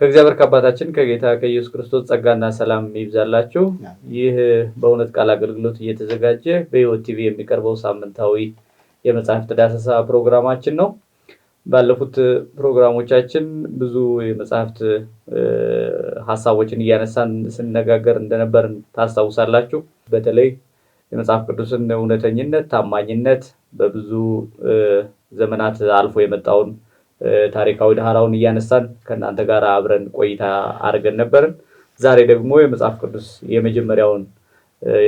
ከእግዚአብሔር ከአባታችን ከጌታ ከኢየሱስ ክርስቶስ ጸጋና ሰላም ይብዛላችሁ። ይህ በእውነት ቃል አገልግሎት እየተዘጋጀ በሕይወት ቲቪ የሚቀርበው ሳምንታዊ የመጽሐፍት ዳሰሳ ፕሮግራማችን ነው። ባለፉት ፕሮግራሞቻችን ብዙ የመጽሐፍት ሀሳቦችን እያነሳን ስንነጋገር እንደነበርን ታስታውሳላችሁ። በተለይ የመጽሐፍ ቅዱስን እውነተኝነት፣ ታማኝነት በብዙ ዘመናት አልፎ የመጣውን ታሪካዊ ዳራውን እያነሳን ከእናንተ ጋር አብረን ቆይታ አድርገን ነበርን። ዛሬ ደግሞ የመጽሐፍ ቅዱስ የመጀመሪያውን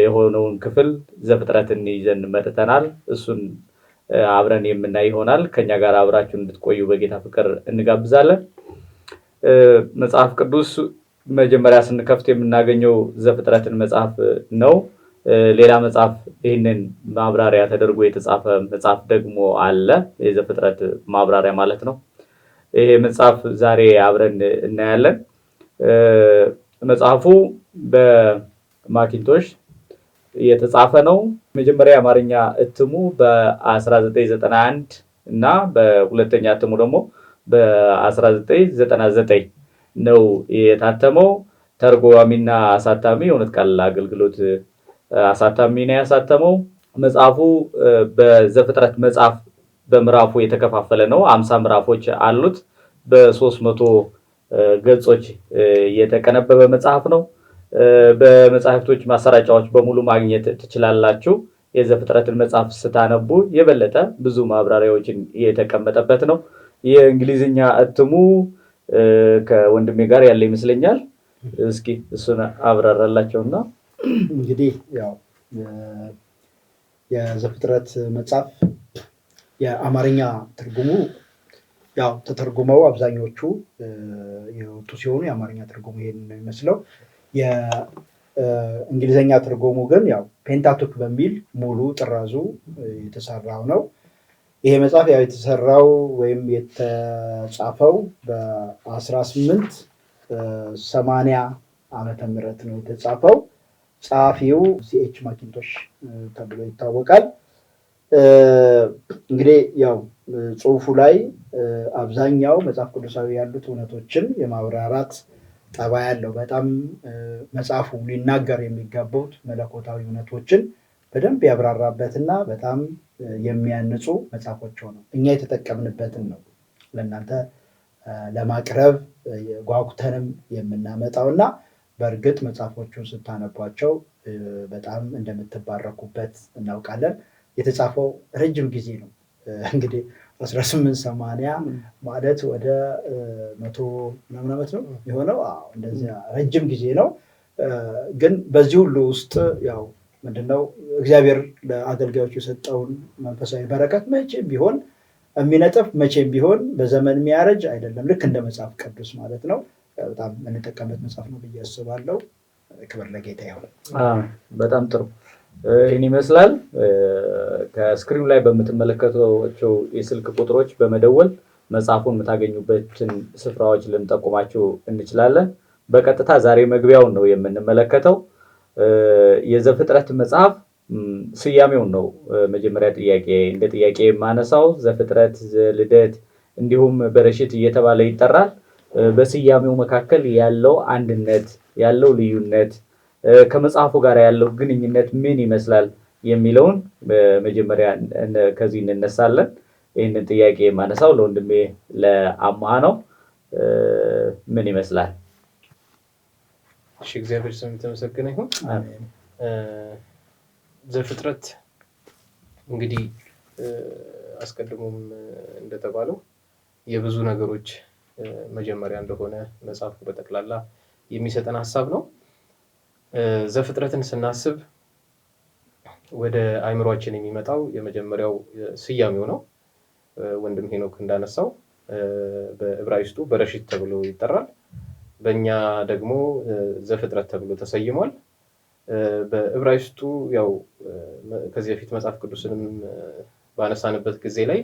የሆነውን ክፍል ዘፍጥረትን ይዘን መጥተናል። እሱን አብረን የምናይ ይሆናል። ከኛ ጋር አብራችሁን እንድትቆዩ በጌታ ፍቅር እንጋብዛለን። መጽሐፍ ቅዱስ መጀመሪያ ስንከፍት የምናገኘው ዘፍጥረትን መጽሐፍ ነው። ሌላ መጽሐፍ ይህንን ማብራሪያ ተደርጎ የተጻፈ መጽሐፍ ደግሞ አለ። የዘፍጥረት ማብራሪያ ማለት ነው። ይሄ መጽሐፍ ዛሬ አብረን እናያለን። መጽሐፉ በማኪንቶሽ የተጻፈ ነው። መጀመሪያ የአማርኛ እትሙ በ1991 እና በሁለተኛ እትሙ ደግሞ በ1999 ነው የታተመው። ተርጓሚና አሳታሚ እውነት ቃል አገልግሎት አሳታሚ ነው ያሳተመው። መጽሐፉ በዘፍጥረት መጽሐፍ በምዕራፉ የተከፋፈለ ነው። አምሳ ምዕራፎች አሉት። በሶስት መቶ ገጾች የተቀነበበ መጽሐፍ ነው። በመጽሐፍቶች ማሰራጫዎች በሙሉ ማግኘት ትችላላችሁ። የዘፍጥረትን መጽሐፍ ስታነቡ የበለጠ ብዙ ማብራሪያዎችን የተቀመጠበት ነው። የእንግሊዝኛ እትሙ ከወንድሜ ጋር ያለ ይመስለኛል። እስኪ እሱን አብራራላቸውና እንግዲህ ያው የዘፍጥረት መጽሐፍ የአማርኛ ትርጉሙ ያው ተተርጉመው አብዛኞቹ የወጡ ሲሆኑ የአማርኛ ትርጉሙ ይሄን ነው የሚመስለው። የእንግሊዝኛ ትርጉሙ ግን ያው ፔንታቶክ በሚል ሙሉ ጥራዙ የተሰራው ነው። ይሄ መጽሐፍ ያው የተሰራው ወይም የተጻፈው በ ስምንት ሰማንያ ዓመተ ምህረት ነው የተጻፈው። ጸሐፊው ሲኤች ማኪንቶሽ ተብሎ ይታወቃል። እንግዲህ ያው ጽሁፉ ላይ አብዛኛው መጽሐፍ ቅዱሳዊ ያሉት እውነቶችን የማብራራት ጠባ ያለው በጣም መጽሐፉ ሊናገር የሚገቡት መለኮታዊ እውነቶችን በደንብ ያብራራበትና በጣም የሚያንጹ መጽሐፎች ሆነው እኛ የተጠቀምንበትን ነው ለእናንተ ለማቅረብ ጓጉተንም የምናመጣው እና በእርግጥ መጽሐፎቹን ስታነቧቸው በጣም እንደምትባረኩበት እናውቃለን። የተጻፈው ረጅም ጊዜ ነው እንግዲህ 1880 ማለት ወደ መቶ ምናምን ዓመት ነው የሆነው። እንደዚያ ረጅም ጊዜ ነው። ግን በዚህ ሁሉ ውስጥ ያው ምንድነው እግዚአብሔር ለአገልጋዮች የሰጠውን መንፈሳዊ በረከት መቼም ቢሆን የሚነጥፍ መቼም ቢሆን በዘመን የሚያረጅ አይደለም። ልክ እንደ መጽሐፍ ቅዱስ ማለት ነው። በጣም የምንጠቀምበት መጽሐፍ ነው ብዬ አስባለሁ። ክብር ለጌታ ይሁን። በጣም ጥሩ። ይህን ይመስላል። ከስክሪኑ ላይ በምትመለከቷቸው የስልክ ቁጥሮች በመደወል መጽሐፉን የምታገኙበትን ስፍራዎች ልንጠቁማችሁ እንችላለን። በቀጥታ ዛሬ መግቢያውን ነው የምንመለከተው። የዘፍጥረት መጽሐፍ ስያሜውን ነው መጀመሪያ ጥያቄ እንደ ጥያቄ የማነሳው። ዘፍጥረት፣ ዘልደት እንዲሁም በረሽት እየተባለ ይጠራል። በስያሜው መካከል ያለው አንድነት ያለው ልዩነት ከመጽሐፉ ጋር ያለው ግንኙነት ምን ይመስላል የሚለውን መጀመሪያ ከዚህ እንነሳለን። ይህንን ጥያቄ የማነሳው ለወንድሜ ለአማሃ ነው። ምን ይመስላል? እሺ፣ እግዚአብሔር ስም የተመሰገነ ይሁን። ዘፍጥረት እንግዲህ አስቀድሞም እንደተባለው የብዙ ነገሮች መጀመሪያ እንደሆነ መጽሐፉ በጠቅላላ የሚሰጠን ሀሳብ ነው። ዘፍጥረትን ስናስብ ወደ አይምሯችን የሚመጣው የመጀመሪያው ስያሜው ነው። ወንድም ሄኖክ እንዳነሳው በዕብራይስጡ በረሽት ተብሎ ይጠራል። በእኛ ደግሞ ዘፍጥረት ተብሎ ተሰይሟል። በዕብራይስጡ ያው ከዚህ በፊት መጽሐፍ ቅዱስንም ባነሳንበት ጊዜ ላይ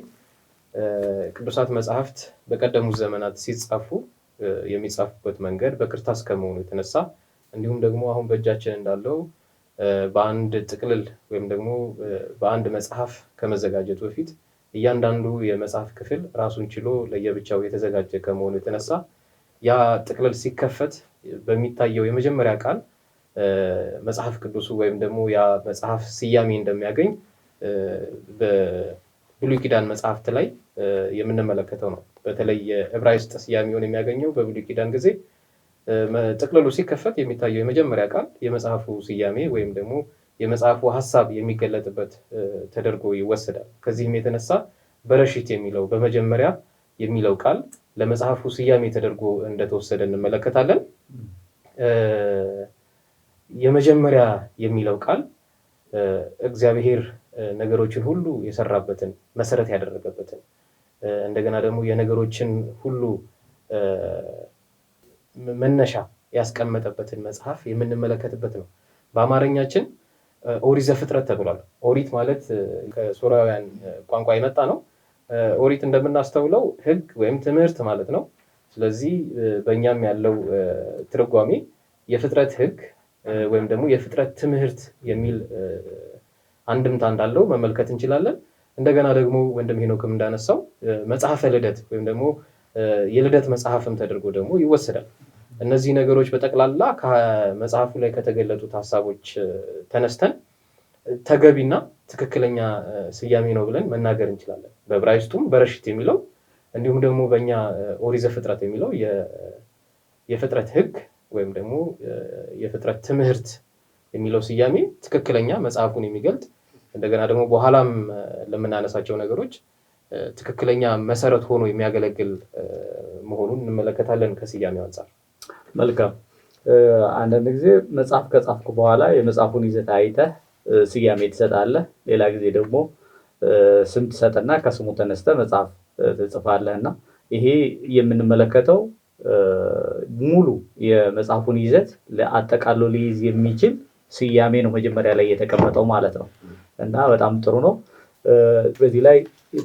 ቅዱሳት መጽሐፍት በቀደሙት ዘመናት ሲጻፉ የሚጻፉበት መንገድ በክርታስ ከመሆኑ የተነሳ እንዲሁም ደግሞ አሁን በእጃችን እንዳለው በአንድ ጥቅልል ወይም ደግሞ በአንድ መጽሐፍ ከመዘጋጀቱ በፊት እያንዳንዱ የመጽሐፍ ክፍል ራሱን ችሎ ለየብቻው የተዘጋጀ ከመሆኑ የተነሳ ያ ጥቅልል ሲከፈት በሚታየው የመጀመሪያ ቃል መጽሐፍ ቅዱሱ ወይም ደግሞ ያ መጽሐፍ ስያሜ እንደሚያገኝ ብሉይ ኪዳን መጽሐፍት ላይ የምንመለከተው ነው። በተለይ የዕብራይስጥ ስያሜውን የሚያገኘው በብሉይ ኪዳን ጊዜ ጥቅልሉ ሲከፈት የሚታየው የመጀመሪያ ቃል የመጽሐፉ ስያሜ ወይም ደግሞ የመጽሐፉ ሀሳብ የሚገለጥበት ተደርጎ ይወሰዳል። ከዚህም የተነሳ በረሽት የሚለው በመጀመሪያ የሚለው ቃል ለመጽሐፉ ስያሜ ተደርጎ እንደተወሰደ እንመለከታለን። የመጀመሪያ የሚለው ቃል እግዚአብሔር ነገሮችን ሁሉ የሰራበትን መሰረት ያደረገበትን እንደገና ደግሞ የነገሮችን ሁሉ መነሻ ያስቀመጠበትን መጽሐፍ የምንመለከትበት ነው። በአማርኛችን ኦሪት ዘፍጥረት ተብሏል። ኦሪት ማለት ከሶራውያን ቋንቋ የመጣ ነው። ኦሪት እንደምናስተውለው ሕግ ወይም ትምህርት ማለት ነው። ስለዚህ በእኛም ያለው ትርጓሜ የፍጥረት ሕግ ወይም ደግሞ የፍጥረት ትምህርት የሚል አንድምታ እንዳለው መመልከት እንችላለን። እንደገና ደግሞ ወንድም ሄኖክም እንዳነሳው መጽሐፈ ልደት ወይም ደግሞ የልደት መጽሐፍም ተደርጎ ደግሞ ይወሰዳል። እነዚህ ነገሮች በጠቅላላ ከመጽሐፉ ላይ ከተገለጡት ሀሳቦች ተነስተን ተገቢና ትክክለኛ ስያሜ ነው ብለን መናገር እንችላለን። በዕብራይስጡም በረሽት የሚለው እንዲሁም ደግሞ በእኛ ኦሪት ዘፍጥረት የሚለው የፍጥረት ሕግ ወይም ደግሞ የፍጥረት ትምህርት የሚለው ስያሜ ትክክለኛ መጽሐፉን የሚገልጥ እንደገና ደግሞ በኋላም ለምናነሳቸው ነገሮች ትክክለኛ መሰረት ሆኖ የሚያገለግል መሆኑን እንመለከታለን። ከስያሜው አንጻር መልካም። አንዳንድ ጊዜ መጽሐፍ ከጻፍኩ በኋላ የመጽሐፉን ይዘት አይተህ ስያሜ ትሰጣለህ። ሌላ ጊዜ ደግሞ ስም ትሰጥና ከስሙ ተነስተ መጽሐፍ ትጽፋለህ እና ይሄ የምንመለከተው ሙሉ የመጽሐፉን ይዘት አጠቃሎ ሊይዝ የሚችል ስያሜ ነው መጀመሪያ ላይ የተቀመጠው ማለት ነው። እና በጣም ጥሩ ነው። በዚህ ላይ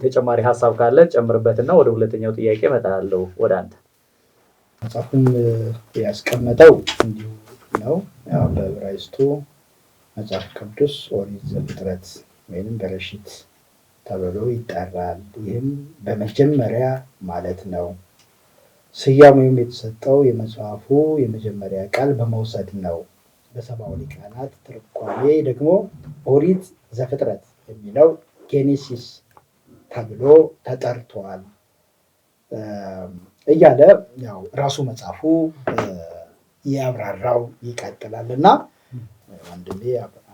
ተጨማሪ ሀሳብ ካለ ጨምርበትና ወደ ሁለተኛው ጥያቄ እመጣለሁ ወደ አንተ። መጽሐፉም ያስቀመጠው እንዲሁ ነው። በዕብራይስጡ መጽሐፍ ቅዱስ ኦሪት ዘፍጥረት ወይም በረሽት ተብሎ ይጠራል። ይህም በመጀመሪያ ማለት ነው። ስያሜውም የተሰጠው የመጽሐፉ የመጀመሪያ ቃል በመውሰድ ነው። በሰብአዊ ሊቃናት ትርጓሜ ደግሞ ኦሪት ዘፍጥረት የሚለው ጌኔሲስ ተብሎ ተጠርቷል እያለ ያው ራሱ መጽሐፉ ያብራራው ይቀጥላል እና ወንድሜ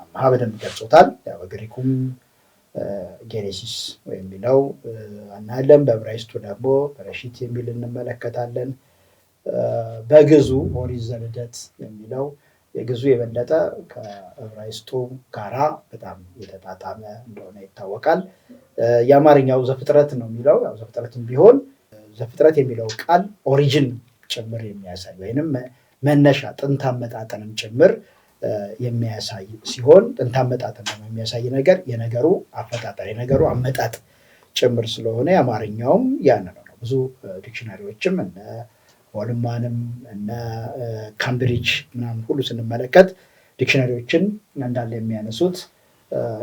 አምሃ በደንብ ገልጾታል። በግሪኩም ጌኔሲስ የሚለው እናያለን። በዕብራይስጡ ደግሞ በረሺት የሚል እንመለከታለን። በግዙ ኦሪት ዘልደት የሚለው የግዙ የበለጠ ከዕብራይስጡ ጋራ በጣም የተጣጣመ እንደሆነ ይታወቃል። የአማርኛው ዘፍጥረት ነው የሚለው ዘፍጥረትም ቢሆን ዘፍጥረት የሚለው ቃል ኦሪጅን ጭምር የሚያሳይ ወይንም መነሻ ጥንት አመጣጠንም ጭምር የሚያሳይ ሲሆን ጥንት አመጣጠን ደግሞ የሚያሳይ ነገር የነገሩ አፈጣጠር የነገሩ አመጣጥ ጭምር ስለሆነ የአማርኛውም ያን ነው። ብዙ ዲክሽናሪዎችም እነ ኦልማንም እነ ካምብሪጅ ምናምን ሁሉ ስንመለከት ዲክሽነሪዎችን እንዳለ የሚያነሱት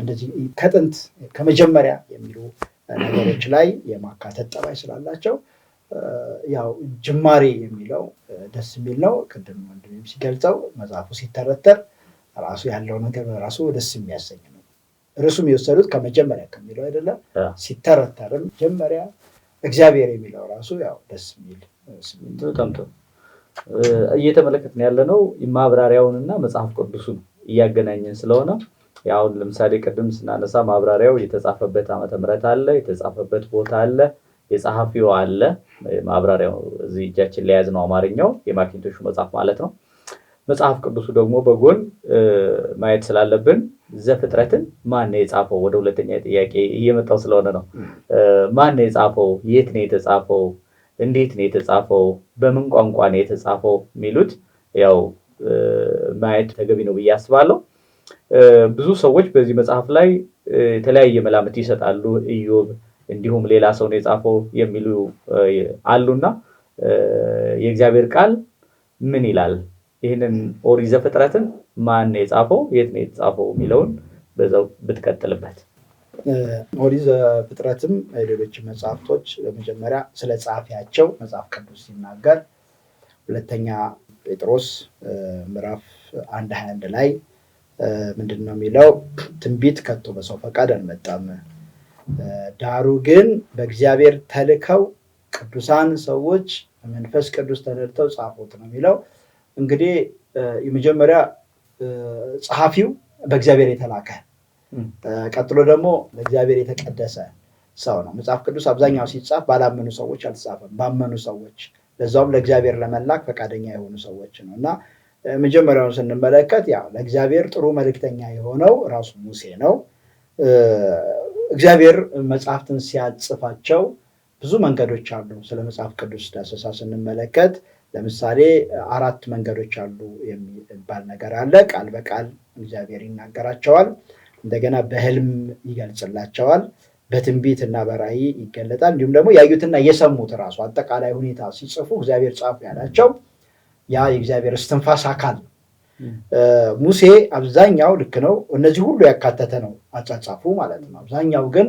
እንደዚህ ከጥንት ከመጀመሪያ የሚሉ ነገሮች ላይ የማካተት ጠባይ ስላላቸው ያው ጅማሬ የሚለው ደስ የሚል ነው። ቅድም ወንድም ሲገልጸው መጽሐፉ ሲተረተር ራሱ ያለው ነገር ራሱ ደስ የሚያሰኝ ነው። ርሱም የወሰዱት ከመጀመሪያ ከሚለው አይደለም። ሲተረተርም መጀመሪያ እግዚአብሔር የሚለው ራሱ ያው ደስ የሚል ተቀምጠው እየተመለከትን ያለነው ማብራሪያውንና መጽሐፍ ቅዱሱን እያገናኘን ስለሆነ አሁን ለምሳሌ ቅድም ስናነሳ ማብራሪያው የተጻፈበት ዓመተ ምሕረት አለ፣ የተጻፈበት ቦታ አለ፣ የጸሐፊው አለ። ማብራሪያው እዚህ እጃችን ላይ የያዝነው አማርኛው የማኪንቶሹ መጽሐፍ ማለት ነው። መጽሐፍ ቅዱሱ ደግሞ በጎን ማየት ስላለብን ዘፍጥረትን ማን ነው የጻፈው? ወደ ሁለተኛ ጥያቄ እየመጣው ስለሆነ ነው። ማን ነው የጻፈው? የት ነው የተጻፈው? እንዴት ነው የተጻፈው፣ በምን ቋንቋ ነው የተጻፈው የሚሉት ያው ማየት ተገቢ ነው ብዬ አስባለሁ። ብዙ ሰዎች በዚህ መጽሐፍ ላይ የተለያየ መላምት ይሰጣሉ። ኢዮብ እንዲሁም ሌላ ሰው ነው የጻፈው የሚሉ አሉና የእግዚአብሔር ቃል ምን ይላል? ይህንን ኦሪት ዘፍጥረትን ማን ነው የጻፈው? የት ነው የተጻፈው? የሚለውን በዛው ብትቀጥልበት ኦሪት ዘፍጥረትም ሌሎች መጽሐፍቶች በመጀመሪያ ስለ ጸሐፊያቸው መጽሐፍ ቅዱስ ሲናገር ሁለተኛ ጴጥሮስ ምዕራፍ አንድ ሀያ አንድ ላይ ምንድን ነው የሚለው? ትንቢት ከቶ በሰው ፈቃድ አልመጣም፣ ዳሩ ግን በእግዚአብሔር ተልከው ቅዱሳን ሰዎች መንፈስ ቅዱስ ተደርተው ጻፎት ነው የሚለው። እንግዲህ የመጀመሪያ ጸሐፊው በእግዚአብሔር የተላከ ቀጥሎ ደግሞ ለእግዚአብሔር የተቀደሰ ሰው ነው። መጽሐፍ ቅዱስ አብዛኛው ሲጻፍ ባላመኑ ሰዎች አልተጻፈም፣ ባመኑ ሰዎች በዛውም ለእግዚአብሔር ለመላክ ፈቃደኛ የሆኑ ሰዎች ነው እና መጀመሪያውን ስንመለከት ያው ለእግዚአብሔር ጥሩ መልእክተኛ የሆነው ራሱ ሙሴ ነው። እግዚአብሔር መጽሐፍትን ሲያጽፋቸው ብዙ መንገዶች አሉ። ስለ መጽሐፍ ቅዱስ ዳሰሳ ስንመለከት ለምሳሌ አራት መንገዶች አሉ የሚባል ነገር አለ። ቃል በቃል እግዚአብሔር ይናገራቸዋል። እንደገና በህልም ይገልጽላቸዋል። በትንቢት እና በራእይ ይገለጣል። እንዲሁም ደግሞ ያዩትና የሰሙት ራሱ አጠቃላይ ሁኔታ ሲጽፉ እግዚአብሔር ጻፉ ያላቸው ያ የእግዚአብሔር እስትንፋስ አካል ነው። ሙሴ አብዛኛው ልክ ነው፣ እነዚህ ሁሉ ያካተተ ነው አጻጻፉ ማለት ነው። አብዛኛው ግን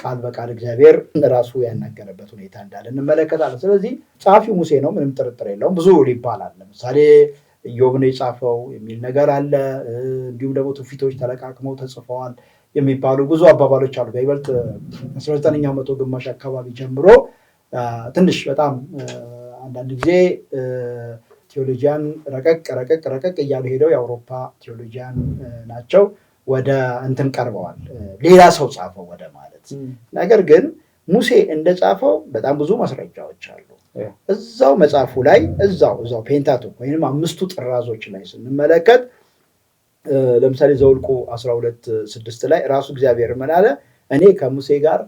ቃል በቃል እግዚአብሔር ራሱ ያናገረበት ሁኔታ እንዳለ እንመለከታለን። ስለዚህ ጸሐፊው ሙሴ ነው፣ ምንም ጥርጥር የለውም። ብዙ ይባላል። ለምሳሌ ኢዮብ ነው የጻፈው የሚል ነገር አለ። እንዲሁም ደግሞ ትውፊቶች ተለቃቅመው ተጽፈዋል የሚባሉ ብዙ አባባሎች አሉ። በይበልጥ አስራ ዘጠነኛው መቶ ግማሽ አካባቢ ጀምሮ ትንሽ በጣም አንዳንድ ጊዜ ቴዎሎጂያን ረቀቅ ረቀቅ ረቀቅ እያሉ ሄደው የአውሮፓ ቴዎሎጂያን ናቸው ወደ እንትን ቀርበዋል። ሌላ ሰው ጻፈው ወደ ማለት ነገር ግን ሙሴ እንደጻፈው በጣም ብዙ ማስረጃዎች አሉ። እዛው መጽሐፉ ላይ እዛው እዛው ፔንታቶ ወይም አምስቱ ጥራዞች ላይ ስንመለከት ለምሳሌ ዘውልቁ 12 ስድስት ላይ ራሱ እግዚአብሔር ምን አለ? እኔ ከሙሴ ጋር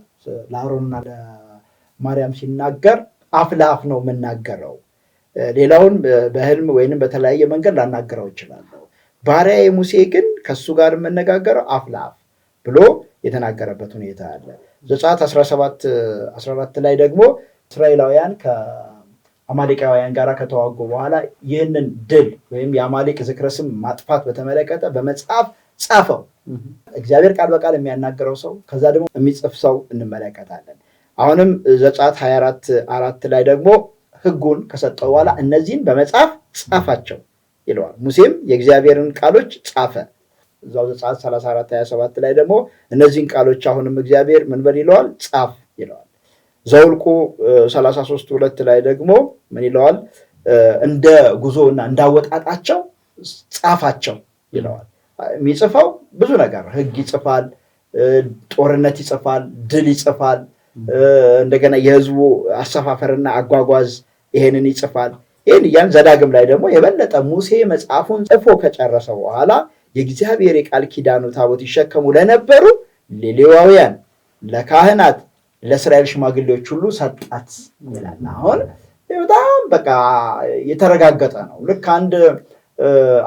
ለአሮንና ለማርያም ሲናገር አፍ ለአፍ ነው የምናገረው። ሌላውን በህልም ወይንም በተለያየ መንገድ ላናገረው እችላለሁ። ባሪያዬ ሙሴ ግን ከሱ ጋር የምነጋገረው አፍ ለአፍ ብሎ የተናገረበት ሁኔታ አለ። ዘጸአት 17 14 ላይ ደግሞ እስራኤላውያን ከአማሌቃውያን ጋር ከተዋጉ በኋላ ይህንን ድል ወይም የአማሌቅ ዝክረ ስም ማጥፋት በተመለከተ በመጽሐፍ ጻፈው። እግዚአብሔር ቃል በቃል የሚያናገረው ሰው ከዛ ደግሞ የሚጽፍ ሰው እንመለከታለን። አሁንም ዘጸአት 24 አራት ላይ ደግሞ ህጉን ከሰጠው በኋላ እነዚህን በመጽሐፍ ጻፋቸው ይለዋል። ሙሴም የእግዚአብሔርን ቃሎች ጻፈ። እዛው ዘጸአት 34 27 ላይ ደግሞ እነዚህን ቃሎች አሁንም እግዚአብሔር ምን በል ይለዋል ጻፍ ይለዋል። ዘውልቁ 33 ሁለት ላይ ደግሞ ምን ይለዋል? እንደ ጉዞ እና እንዳወጣጣቸው ጻፋቸው ይለዋል። የሚጽፈው ብዙ ነገር ህግ ይጽፋል፣ ጦርነት ይጽፋል፣ ድል ይጽፋል፣ እንደገና የህዝቡ አሰፋፈርና አጓጓዝ ይሄንን ይጽፋል። ይህን እያን ዘዳግም ላይ ደግሞ የበለጠ ሙሴ መጽሐፉን ጽፎ ከጨረሰ በኋላ የእግዚአብሔር የቃል ኪዳኑ ታቦት ይሸከሙ ለነበሩ ለሌዋውያን፣ ለካህናት ለእስራኤል ሽማግሌዎች ሁሉ ሰጣት ይላል። አሁን በጣም በቃ የተረጋገጠ ነው። ልክ አንድ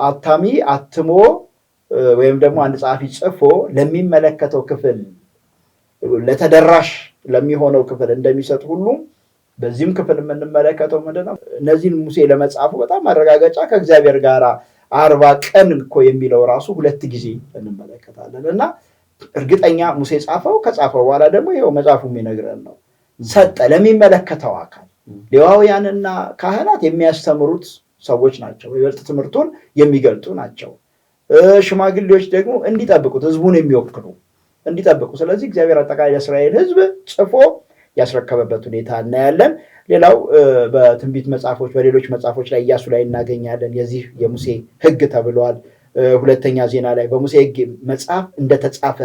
አታሚ አትሞ ወይም ደግሞ አንድ ጸሐፊ ጽፎ ለሚመለከተው ክፍል ለተደራሽ ለሚሆነው ክፍል እንደሚሰጥ ሁሉ በዚህም ክፍል የምንመለከተው ምንድነው? እነዚህን ሙሴ ለመጻፉ በጣም ማረጋገጫ ከእግዚአብሔር ጋር አርባ ቀን እኮ የሚለው ራሱ ሁለት ጊዜ እንመለከታለን እና እርግጠኛ ሙሴ ጻፈው። ከጻፈው በኋላ ደግሞ ይኸው መጽሐፉ የሚነግረን ነው። ሰጠ ለሚመለከተው አካል። ሌዋውያንና ካህናት የሚያስተምሩት ሰዎች ናቸው፣ ይበልጥ ትምህርቱን የሚገልጡ ናቸው። ሽማግሌዎች ደግሞ እንዲጠብቁት፣ ህዝቡን የሚወክሉ እንዲጠብቁ። ስለዚህ እግዚአብሔር አጠቃላይ ለእስራኤል ህዝብ ጽፎ ያስረከበበት ሁኔታ እናያለን። ሌላው በትንቢት መጽሐፎች፣ በሌሎች መጽሐፎች ላይ እያሱ ላይ እናገኛለን። የዚህ የሙሴ ህግ ተብሏል። ሁለተኛ ዜና ላይ በሙሴ ሕግ መጽሐፍ እንደተጻፈ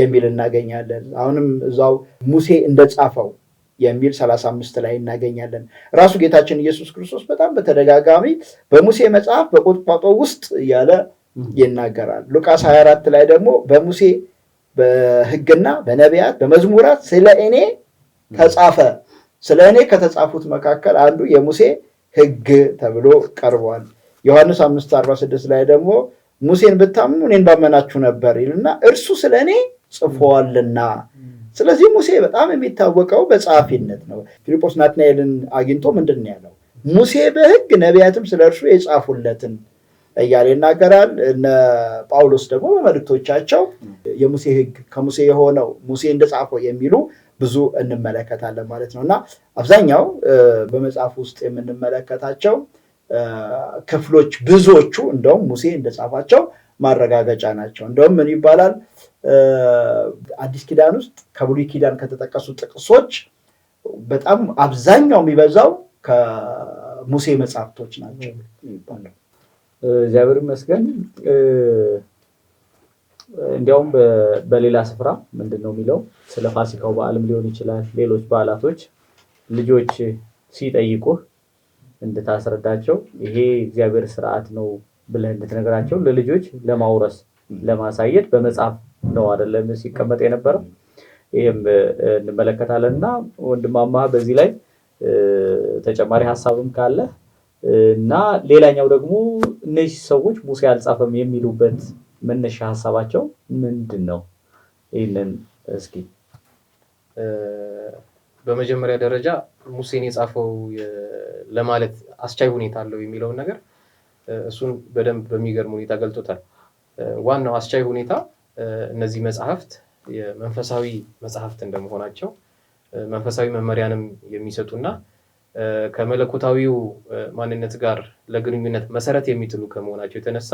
የሚል እናገኛለን። አሁንም እዛው ሙሴ እንደጻፈው የሚል ሰላሳ አምስት ላይ እናገኛለን። ራሱ ጌታችን ኢየሱስ ክርስቶስ በጣም በተደጋጋሚ በሙሴ መጽሐፍ በቆጥቋጦ ውስጥ እያለ ይናገራል። ሉቃስ 24 ላይ ደግሞ በሙሴ በሕግና በነቢያት በመዝሙራት ስለ እኔ ተጻፈ፣ ስለ እኔ ከተጻፉት መካከል አንዱ የሙሴ ሕግ ተብሎ ቀርቧል። ዮሐንስ አምስት አርባ ስድስት ላይ ደግሞ ሙሴን ብታምኑ እኔን ባመናችሁ ነበር ይልና እርሱ ስለ እኔ ጽፎዋልና። ስለዚህ ሙሴ በጣም የሚታወቀው በጸሐፊነት ነው። ፊልጶስ ናትናኤልን አግኝቶ ምንድን ነው ያለው? ሙሴ በሕግ ነቢያትም ስለ እርሱ የጻፉለትን እያለ ይናገራል። እነ ጳውሎስ ደግሞ በመልእክቶቻቸው የሙሴ ሕግ ከሙሴ የሆነው ሙሴ እንደጻፈው የሚሉ ብዙ እንመለከታለን ማለት ነው እና አብዛኛው በመጽሐፍ ውስጥ የምንመለከታቸው ክፍሎች ብዙዎቹ እንደውም ሙሴ እንደጻፋቸው ማረጋገጫ ናቸው። እንደውም ምን ይባላል አዲስ ኪዳን ውስጥ ከብሉይ ኪዳን ከተጠቀሱ ጥቅሶች በጣም አብዛኛው የሚበዛው ከሙሴ መጽሐፍቶች ናቸው ይባላል። እግዚአብሔር ይመስገን። እንዲያውም በሌላ ስፍራ ምንድን ነው የሚለው ስለ ፋሲካው በዓልም ሊሆን ይችላል ሌሎች በዓላቶች ልጆች ሲጠይቁህ እንድታስረዳቸው ይሄ እግዚአብሔር ስርዓት ነው ብለህ እንድትነግራቸው ለልጆች ለማውረስ ለማሳየት በመጽሐፍ ነው አይደለም ሲቀመጥ የነበረው። ይህም እንመለከታለን እና ወንድማማ በዚህ ላይ ተጨማሪ ሀሳብም ካለ እና ሌላኛው ደግሞ እነዚህ ሰዎች ሙሴ አልጻፈም የሚሉበት መነሻ ሀሳባቸው ምንድን ነው? ይህንን እስኪ በመጀመሪያ ደረጃ ሙሴን የጻፈው ለማለት አስቻይ ሁኔታ አለው የሚለውን ነገር እሱን በደንብ በሚገርም ሁኔታ ገልጦታል። ዋናው አስቻይ ሁኔታ እነዚህ መጽሐፍት የመንፈሳዊ መጽሐፍት እንደመሆናቸው መንፈሳዊ መመሪያንም የሚሰጡና ከመለኮታዊው ማንነት ጋር ለግንኙነት መሰረት የሚጥሉ ከመሆናቸው የተነሳ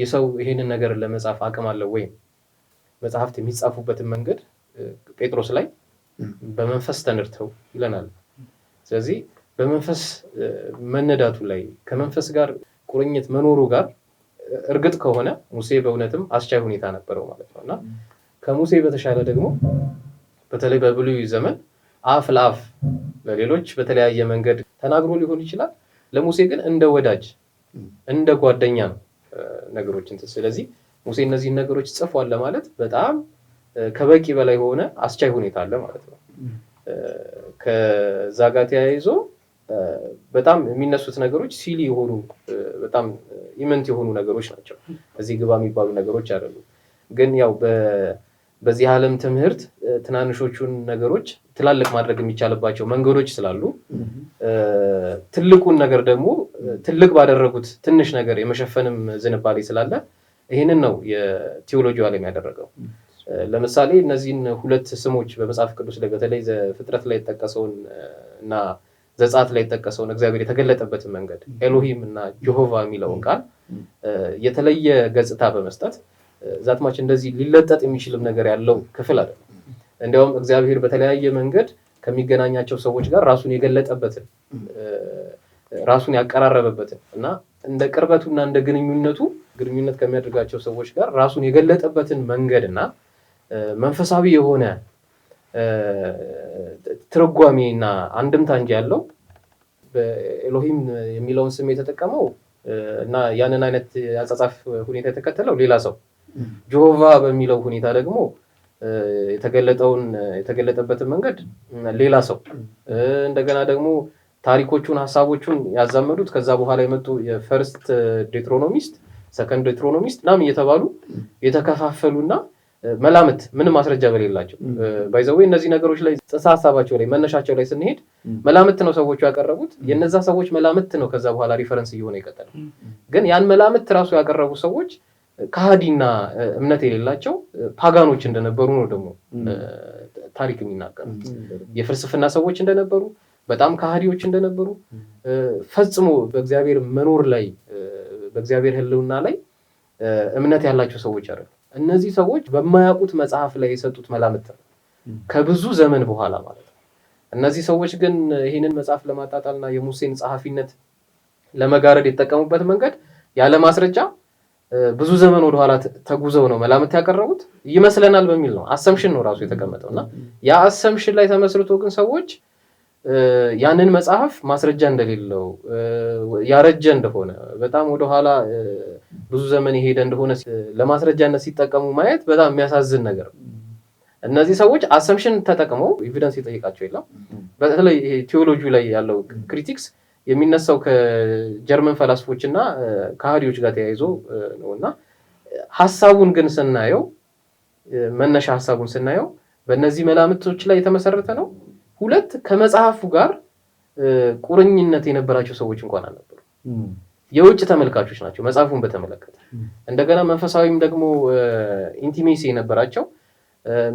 የሰው ይህንን ነገር ለመጻፍ አቅም አለው ወይም መጽሐፍት የሚጻፉበትን መንገድ ጴጥሮስ ላይ በመንፈስ ተነድተው ይለናል። ስለዚህ በመንፈስ መነዳቱ ላይ ከመንፈስ ጋር ቁርኝት መኖሩ ጋር እርግጥ ከሆነ ሙሴ በእውነትም አስቻይ ሁኔታ ነበረው ማለት ነው እና ከሙሴ በተሻለ ደግሞ በተለይ በብሉይ ዘመን አፍ ለአፍ ለሌሎች በተለያየ መንገድ ተናግሮ ሊሆን ይችላል። ለሙሴ ግን እንደ ወዳጅ እንደ ጓደኛ ነው ነገሮችን። ስለዚህ ሙሴ እነዚህን ነገሮች ጽፏል ለማለት በጣም ከበቂ በላይ የሆነ አስቻይ ሁኔታ አለ ማለት ነው። ከዛ ጋር ተያይዞ በጣም የሚነሱት ነገሮች ሲሊ የሆኑ በጣም ኢመንት የሆኑ ነገሮች ናቸው። እዚህ ግባ የሚባሉ ነገሮች አይደሉም። ግን ያው በዚህ ዓለም ትምህርት ትናንሾቹን ነገሮች ትላልቅ ማድረግ የሚቻልባቸው መንገዶች ስላሉ ትልቁን ነገር ደግሞ ትልቅ ባደረጉት ትንሽ ነገር የመሸፈንም ዝንባሌ ስላለ ይህንን ነው የቴዎሎጂ ዓለም ያደረገው። ለምሳሌ እነዚህን ሁለት ስሞች በመጽሐፍ ቅዱስ ላይ በተለይ ፍጥረት ላይ የጠቀሰውን እና ዘጻት ላይ የጠቀሰውን እግዚአብሔር የተገለጠበትን መንገድ ኤሎሂም እና ጀሆቫ የሚለውን ቃል የተለየ ገጽታ በመስጠት ዛትማች እንደዚህ ሊለጠጥ የሚችልም ነገር ያለው ክፍል አይደለም። እንዲያውም እግዚአብሔር በተለያየ መንገድ ከሚገናኛቸው ሰዎች ጋር ራሱን የገለጠበትን ራሱን ያቀራረበበትን እና እንደ ቅርበቱና እንደ ግንኙነቱ ግንኙነት ከሚያደርጋቸው ሰዎች ጋር ራሱን የገለጠበትን መንገድ እና መንፈሳዊ የሆነ ትርጓሜ እና አንድምታ እንጂ ያለው በኤሎሂም የሚለውን ስም የተጠቀመው እና ያንን አይነት አጻጻፍ ሁኔታ የተከተለው ሌላ ሰው ጆሆቫ በሚለው ሁኔታ ደግሞ የተገለጠውን የተገለጠበትን መንገድ ሌላ ሰው እንደገና ደግሞ ታሪኮቹን ሀሳቦቹን ያዛመዱት ከዛ በኋላ የመጡ የፈርስት ዴትሮኖሚስት ሰከንድ ዴትሮኖሚስት ናም እየተባሉ የተከፋፈሉና መላምት ምንም ማስረጃ በሌላቸው ባይዘዌ እነዚህ ነገሮች ላይ ጽንሰ ሀሳባቸው ላይ መነሻቸው ላይ ስንሄድ መላምት ነው ሰዎቹ ያቀረቡት። የነዛ ሰዎች መላምት ነው ከዛ በኋላ ሪፈረንስ እየሆነ የቀጠለው። ግን ያን መላምት ራሱ ያቀረቡ ሰዎች ከሃዲና እምነት የሌላቸው ፓጋኖች እንደነበሩ ነው ደግሞ ታሪክ የሚናገር የፍልስፍና ሰዎች እንደነበሩ፣ በጣም ከሃዲዎች እንደነበሩ ፈጽሞ በእግዚአብሔር መኖር ላይ በእግዚአብሔር ህልውና ላይ እምነት ያላቸው ሰዎች አይደሉ እነዚህ ሰዎች በማያውቁት መጽሐፍ ላይ የሰጡት መላምት ነው፣ ከብዙ ዘመን በኋላ ማለት ነው። እነዚህ ሰዎች ግን ይህንን መጽሐፍ ለማጣጣልና የሙሴን ጸሐፊነት ለመጋረድ የተጠቀሙበት መንገድ ያለ ማስረጃ ብዙ ዘመን ወደኋላ ተጉዘው ነው መላምት ያቀረቡት ይመስለናል በሚል ነው። አሰምሽን ነው ራሱ የተቀመጠው እና ያ አሰምሽን ላይ ተመስርቶ ግን ሰዎች ያንን መጽሐፍ ማስረጃ እንደሌለው ያረጀ እንደሆነ በጣም ወደኋላ ብዙ ዘመን የሄደ እንደሆነ ለማስረጃነት ሲጠቀሙ ማየት በጣም የሚያሳዝን ነገር እነዚህ ሰዎች አሰምሽን ተጠቅመው ኤቪደንስ የጠይቃቸው የለም። በተለይ ቴዎሎጂ ላይ ያለው ክሪቲክስ የሚነሳው ከጀርመን ፈላስፎች እና ከሃዲዎች ጋር ተያይዞ ነው እና ሀሳቡን ግን ስናየው መነሻ ሀሳቡን ስናየው በእነዚህ መላምቶች ላይ የተመሰረተ ነው። ሁለት ከመጽሐፉ ጋር ቁርኝነት የነበራቸው ሰዎች እንኳን አልነበሩ። የውጭ ተመልካቾች ናቸው። መጽሐፉን በተመለከተ እንደገና መንፈሳዊም ደግሞ ኢንቲሜሲ የነበራቸው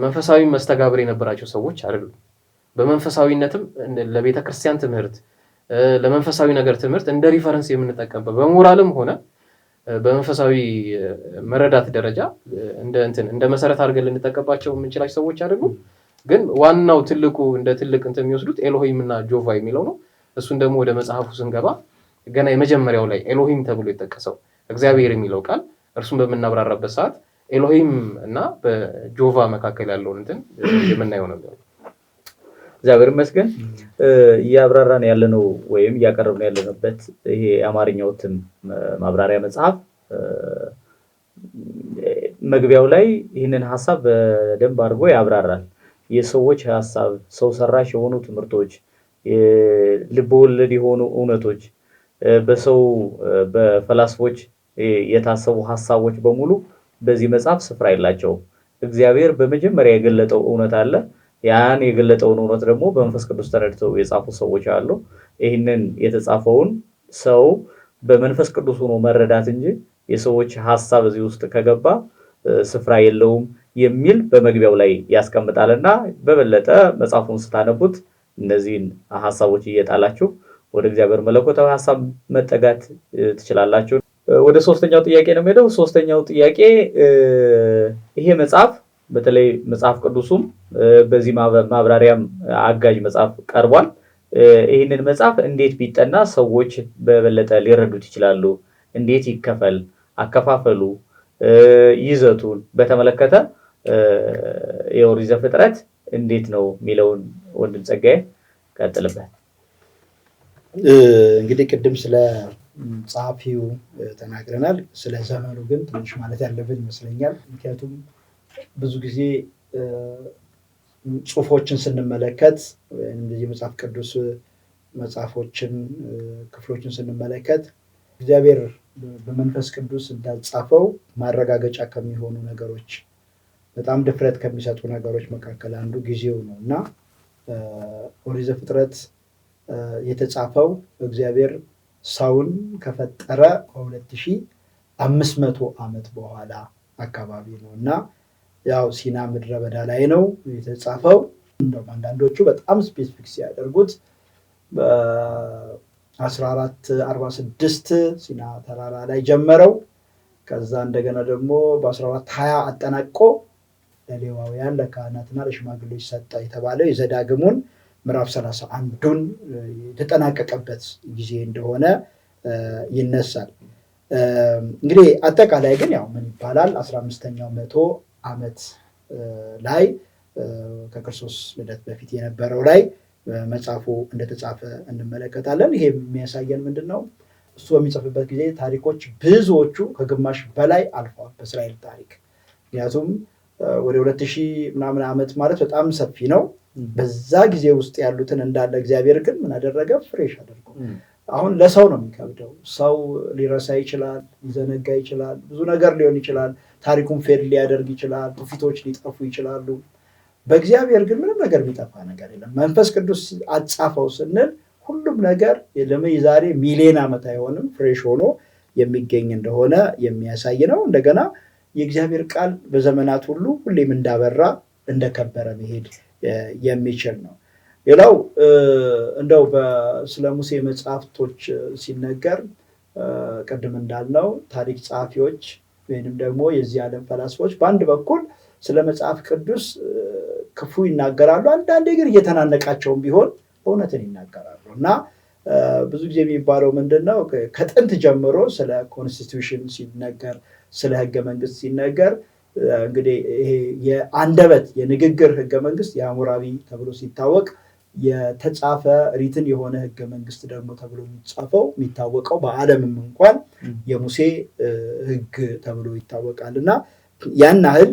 መንፈሳዊም መስተጋብር የነበራቸው ሰዎች አይደሉም። በመንፈሳዊነትም ለቤተክርስቲያን ትምህርት፣ ለመንፈሳዊ ነገር ትምህርት እንደ ሪፈረንስ የምንጠቀምበት በሞራልም ሆነ በመንፈሳዊ መረዳት ደረጃ እንደ መሰረት አድርገን ልንጠቀባቸው የምንችላቸው ሰዎች አይደሉም። ግን ዋናው ትልቁ እንደ ትልቅ እንትን የሚወስዱት ኤሎሂም እና ጆቫ የሚለው ነው። እሱን ደግሞ ወደ መጽሐፉ ስንገባ ገና የመጀመሪያው ላይ ኤሎሂም ተብሎ የጠቀሰው እግዚአብሔር የሚለው ቃል እርሱን በምናብራራበት ሰዓት ኤሎሂም እና በጆቫ መካከል ያለውን እንትን የምናየው ነው። እግዚአብሔር ይመስገን እያብራራን ያለነው ወይም እያቀረብን ያለንበት ይሄ የአማርኛው እትም ማብራሪያ መጽሐፍ መግቢያው ላይ ይህንን ሀሳብ በደንብ አድርጎ ያብራራል። የሰዎች ሀሳብ፣ ሰው ሰራሽ የሆኑ ትምህርቶች፣ ልብ ወለድ የሆኑ እውነቶች በሰው በፈላስፎች የታሰቡ ሀሳቦች በሙሉ በዚህ መጽሐፍ ስፍራ የላቸው እግዚአብሔር በመጀመሪያ የገለጠው እውነት አለ። ያን የገለጠውን እውነት ደግሞ በመንፈስ ቅዱስ ተረድተው የጻፉ ሰዎች አሉ። ይህንን የተጻፈውን ሰው በመንፈስ ቅዱስ ሆኖ መረዳት እንጂ የሰዎች ሀሳብ እዚህ ውስጥ ከገባ ስፍራ የለውም የሚል በመግቢያው ላይ ያስቀምጣልና በበለጠ መጽሐፉን ስታነቡት እነዚህን ሀሳቦች እየጣላችሁ ወደ እግዚአብሔር መለኮታዊ ሀሳብ መጠጋት ትችላላችሁ። ወደ ሶስተኛው ጥያቄ ነው የምሄደው። ሶስተኛው ጥያቄ ይሄ መጽሐፍ በተለይ መጽሐፍ ቅዱሱም በዚህ ማብራሪያም አጋዥ መጽሐፍ ቀርቧል። ይህንን መጽሐፍ እንዴት ቢጠና ሰዎች በበለጠ ሊረዱት ይችላሉ? እንዴት ይከፈል? አከፋፈሉ፣ ይዘቱን በተመለከተ የኦሪት ዘፍጥረት እንዴት ነው የሚለውን ወንድም ጸጋዬ ቀጥልበት። እንግዲህ ቅድም ስለ ጸሐፊው ተናግረናል። ስለ ዘመኑ ግን ትንሽ ማለት ያለብን ይመስለኛል። ምክንያቱም ብዙ ጊዜ ጽሁፎችን ስንመለከት ወይም የመጽሐፍ ቅዱስ መጽሐፎችን ክፍሎችን ስንመለከት እግዚአብሔር በመንፈስ ቅዱስ እንዳጻፈው ማረጋገጫ ከሚሆኑ ነገሮች በጣም ድፍረት ከሚሰጡ ነገሮች መካከል አንዱ ጊዜው ነው እና ኦሪት ዘፍጥረት የተጻፈው እግዚአብሔር ሰውን ከፈጠረ ከ2500 ዓመት በኋላ አካባቢ ነው እና ያው ሲና ምድረ በዳ ላይ ነው የተጻፈው። እንደውም አንዳንዶቹ በጣም ስፔሲፊክ ሲያደርጉት በ1446 ሲና ተራራ ላይ ጀመረው። ከዛ እንደገና ደግሞ በ1420 አጠናቆ ለሌዋውያን ለካህናትና ለሽማግሌዎች ሰጠ የተባለው የዘዳግሙን ምዕራፍ ሰላሳ አንዱን የተጠናቀቀበት ጊዜ እንደሆነ ይነሳል። እንግዲህ አጠቃላይ ግን ያው ምን ይባላል አስራ አምስተኛው መቶ ዓመት ላይ ከክርስቶስ ልደት በፊት የነበረው ላይ መጽሐፉ እንደተጻፈ እንመለከታለን። ይሄ የሚያሳየን ምንድን ነው? እሱ በሚጽፍበት ጊዜ ታሪኮች ብዙዎቹ ከግማሽ በላይ አልፈዋል በእስራኤል ታሪክ። ምክንያቱም ወደ ሁለት ሺህ ምናምን ዓመት ማለት በጣም ሰፊ ነው። በዛ ጊዜ ውስጥ ያሉትን እንዳለ እግዚአብሔር ግን ምን አደረገ? ፍሬሽ አደርጎ አሁን ለሰው ነው የሚከብደው። ሰው ሊረሳ ይችላል፣ ሊዘነጋ ይችላል፣ ብዙ ነገር ሊሆን ይችላል። ታሪኩን ፌድ ሊያደርግ ይችላል፣ ትውፊቶች ሊጠፉ ይችላሉ። በእግዚአብሔር ግን ምንም ነገር የሚጠፋ ነገር የለም። መንፈስ ቅዱስ አጻፈው ስንል ሁሉም ነገር ለምን የዛሬ ሚሊዮን ዓመት አይሆንም ፍሬሽ ሆኖ የሚገኝ እንደሆነ የሚያሳይ ነው። እንደገና የእግዚአብሔር ቃል በዘመናት ሁሉ ሁሌም እንዳበራ እንደከበረ መሄድ የሚችል ነው። ሌላው እንደው ስለ ሙሴ መጽሐፍቶች ሲነገር ቅድም እንዳልነው ታሪክ ጸሐፊዎች ወይንም ደግሞ የዚህ ዓለም ፈላስፎች በአንድ በኩል ስለ መጽሐፍ ቅዱስ ክፉ ይናገራሉ፣ አንዳንዴ ግን እየተናነቃቸውም ቢሆን እውነትን ይናገራሉ እና ብዙ ጊዜ የሚባለው ምንድን ነው? ከጥንት ጀምሮ ስለ ኮንስቲቱሽን ሲነገር፣ ስለ ህገ መንግስት ሲነገር እንግዲህ ይሄ የአንደበት የንግግር ህገ መንግስት የአሙራቢ ተብሎ ሲታወቅ የተጻፈ ሪትን የሆነ ህገ መንግስት ደግሞ ተብሎ የሚጻፈው የሚታወቀው በዓለምም እንኳን የሙሴ ህግ ተብሎ ይታወቃል እና ያን ያህል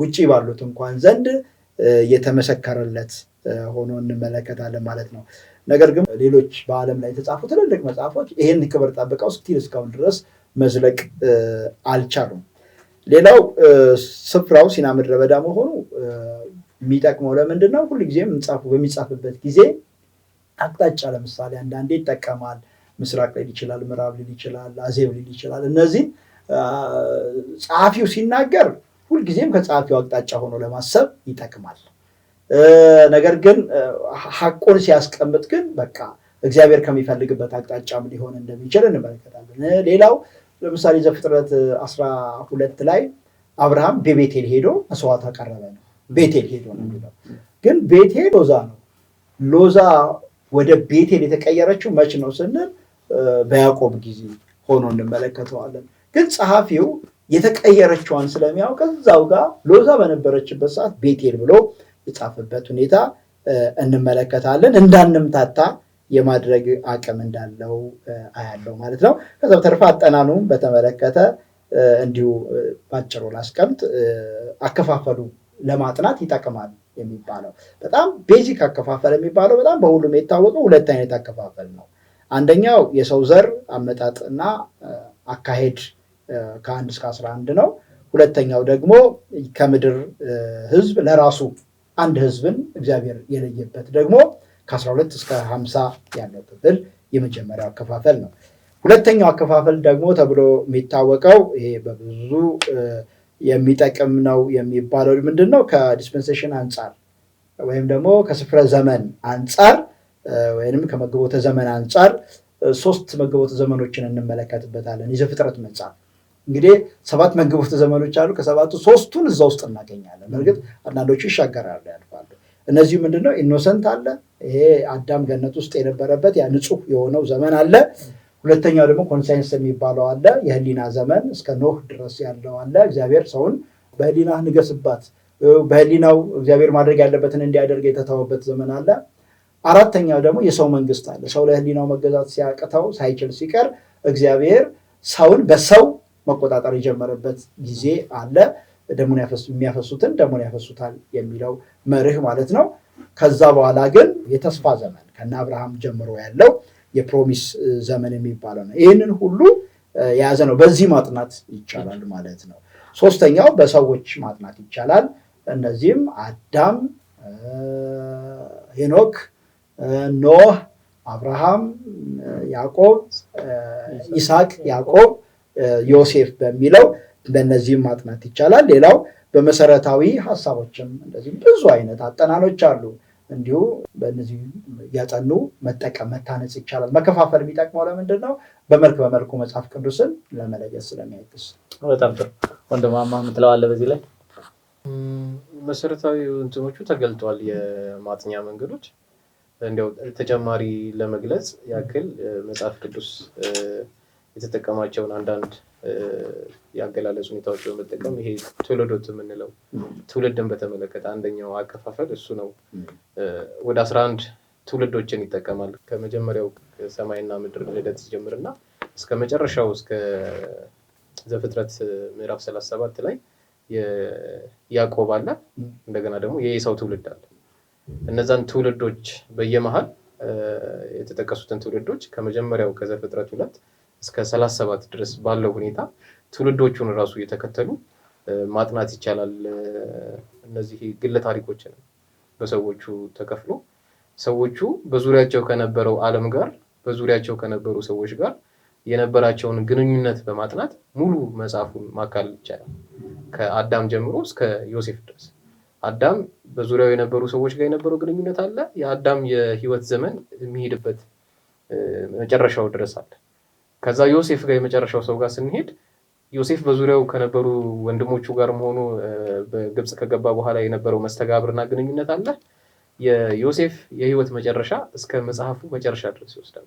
ውጭ ባሉት እንኳን ዘንድ የተመሰከረለት ሆኖ እንመለከታለን ማለት ነው። ነገር ግን ሌሎች በዓለም ላይ የተጻፉ ትልልቅ መጽሐፎች ይህን ክብር ጠብቀው ስቲል እስካሁን ድረስ መዝለቅ አልቻሉም። ሌላው ስፍራው ሲና ምድረ በዳ መሆኑ የሚጠቅመው ለምንድን ነው? ጊዜ ምንጻፉ በሚጻፍበት ጊዜ አቅጣጫ ለምሳሌ አንዳንዴ ይጠቀማል። ምስራቅ ሊል ይችላል፣ ምዕራብ ሊል ይችላል፣ አዜብ ሊል ይችላል። እነዚህ ጸሐፊው ሲናገር ሁልጊዜም ከጸሐፊው አቅጣጫ ሆኖ ለማሰብ ይጠቅማል። ነገር ግን ሐቁን ሲያስቀምጥ ግን በቃ እግዚአብሔር ከሚፈልግበት አቅጣጫም ሊሆን እንደሚችል እንመለከታለን። ሌላው ለምሳሌ ዘፍጥረት አስራ ሁለት ላይ አብርሃም በቤቴል ሄዶ መስዋዕት አቀረበ ነው። ቤቴል ሄዶ ነው የሚለው ግን ቤቴል ሎዛ ነው። ሎዛ ወደ ቤቴል የተቀየረችው መች ነው ስንል በያዕቆብ ጊዜ ሆኖ እንመለከተዋለን። ግን ጸሐፊው የተቀየረችዋን ስለሚያውቅ እዛው ጋር ሎዛ በነበረችበት ሰዓት ቤቴል ብሎ የጻፈበት ሁኔታ እንመለከታለን እንዳንምታታ የማድረግ አቅም እንዳለው አያለው ማለት ነው። ከዛ በተረፈ አጠናኑን በተመለከተ እንዲሁ ባጭሩ ላስቀምጥ። አከፋፈሉ ለማጥናት ይጠቅማል የሚባለው በጣም ቤዚክ አከፋፈል የሚባለው በጣም በሁሉም የታወቀው ሁለት አይነት አከፋፈል ነው። አንደኛው የሰው ዘር አመጣጥና አካሄድ ከአንድ እስከ አስራ አንድ ነው። ሁለተኛው ደግሞ ከምድር ህዝብ ለራሱ አንድ ህዝብን እግዚአብሔር የለየበት ደግሞ ከ12 እስከ 50 ያለው ክፍል የመጀመሪያው አከፋፈል ነው። ሁለተኛው አከፋፈል ደግሞ ተብሎ የሚታወቀው ይሄ በብዙ የሚጠቅም ነው የሚባለው ምንድን ነው? ከዲስፔንሴሽን አንጻር ወይም ደግሞ ከስፍረ ዘመን አንጻር ወይም ከመግቦተ ዘመን አንጻር ሶስት መግቦተ ዘመኖችን እንመለከትበታለን። ይዘ ፍጥረት መጽሐፍ እንግዲህ ሰባት መግቦተ ዘመኖች አሉ። ከሰባቱ ሶስቱን እዛ ውስጥ እናገኛለን። በእርግጥ አንዳንዶቹ ይሻገራሉ ያሉ እነዚህ ምንድነው? ኢኖሰንት አለ፣ ይሄ አዳም ገነት ውስጥ የነበረበት ያ ንጹህ የሆነው ዘመን አለ። ሁለተኛው ደግሞ ኮንሳይንስ የሚባለው አለ፣ የህሊና ዘመን እስከ ኖህ ድረስ ያለው አለ። እግዚአብሔር ሰውን በህሊና ንገስባት፣ በህሊናው እግዚአብሔር ማድረግ ያለበትን እንዲያደርግ የተተወበት ዘመን አለ። አራተኛው ደግሞ የሰው መንግስት አለ። ሰው ለህሊናው መገዛት ሲያቅተው ሳይችል ሲቀር እግዚአብሔር ሰውን በሰው መቆጣጠር የጀመረበት ጊዜ አለ። ደሙን የሚያፈሱትን ደሙን ያፈሱታል የሚለው መርህ ማለት ነው። ከዛ በኋላ ግን የተስፋ ዘመን ከነ አብርሃም ጀምሮ ያለው የፕሮሚስ ዘመን የሚባለው ነው። ይህንን ሁሉ የያዘ ነው። በዚህ ማጥናት ይቻላል ማለት ነው። ሶስተኛው በሰዎች ማጥናት ይቻላል። እነዚህም አዳም፣ ሄኖክ፣ ኖህ፣ አብርሃም፣ ያዕቆብ፣ ይስሐቅ፣ ያዕቆብ፣ ዮሴፍ በሚለው እንደነዚህም ማጥናት ይቻላል። ሌላው በመሰረታዊ ሀሳቦችም እንደዚህ ብዙ አይነት አጠናኖች አሉ። እንዲሁ በእነዚህ እያጠኑ መጠቀም መታነጽ ይቻላል። መከፋፈል የሚጠቅመው ለምንድን ነው? በመልክ በመልኩ መጽሐፍ ቅዱስን ለመለየት ስለሚያግዝ። በጣም ጥሩ ወንድማማ ምትለዋለ በዚህ ላይ መሰረታዊ እንትኖቹ ተገልጧል። የማጥኛ መንገዶች እንዲያው ተጨማሪ ለመግለጽ ያክል መጽሐፍ ቅዱስ የተጠቀማቸውን አንዳንድ የአገላለጽ ሁኔታዎች በመጠቀም ይሄ ትውልዶት የምንለው ትውልድን በተመለከተ አንደኛው አከፋፈል እሱ ነው። ወደ አስራ አንድ ትውልዶችን ይጠቀማል። ከመጀመሪያው ሰማይና ምድር ልደት ሲጀምርና እስከ መጨረሻው እስከ ዘፍጥረት ምዕራፍ ሰላሳ ሰባት ላይ ያዕቆብ አለ። እንደገና ደግሞ የኤሳው ትውልድ አለ። እነዛን ትውልዶች በየመሀል የተጠቀሱትን ትውልዶች ከመጀመሪያው ከዘፍጥረት ሁለት እስከ ሰላሳ ሰባት ድረስ ባለው ሁኔታ ትውልዶቹን እራሱ እየተከተሉ ማጥናት ይቻላል። እነዚህ ግለ ታሪኮችን በሰዎቹ ተከፍሎ ሰዎቹ በዙሪያቸው ከነበረው ዓለም ጋር በዙሪያቸው ከነበሩ ሰዎች ጋር የነበራቸውን ግንኙነት በማጥናት ሙሉ መጽሐፉን ማካል ይቻላል። ከአዳም ጀምሮ እስከ ዮሴፍ ድረስ አዳም በዙሪያው የነበሩ ሰዎች ጋር የነበረው ግንኙነት አለ። የአዳም የህይወት ዘመን የሚሄድበት መጨረሻው ድረስ አለ። ከዛ ዮሴፍ ጋር የመጨረሻው ሰው ጋር ስንሄድ ዮሴፍ በዙሪያው ከነበሩ ወንድሞቹ ጋር መሆኑ በግብፅ ከገባ በኋላ የነበረው መስተጋብርና ግንኙነት አለ። የዮሴፍ የህይወት መጨረሻ እስከ መጽሐፉ መጨረሻ ድረስ ይወስዳል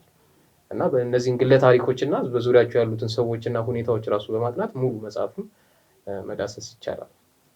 እና በእነዚህን ግለ ታሪኮችና በዙሪያቸው ያሉትን ሰዎችና ሁኔታዎች ራሱ በማጥናት ሙሉ መጽሐፉን መዳሰስ ይቻላል።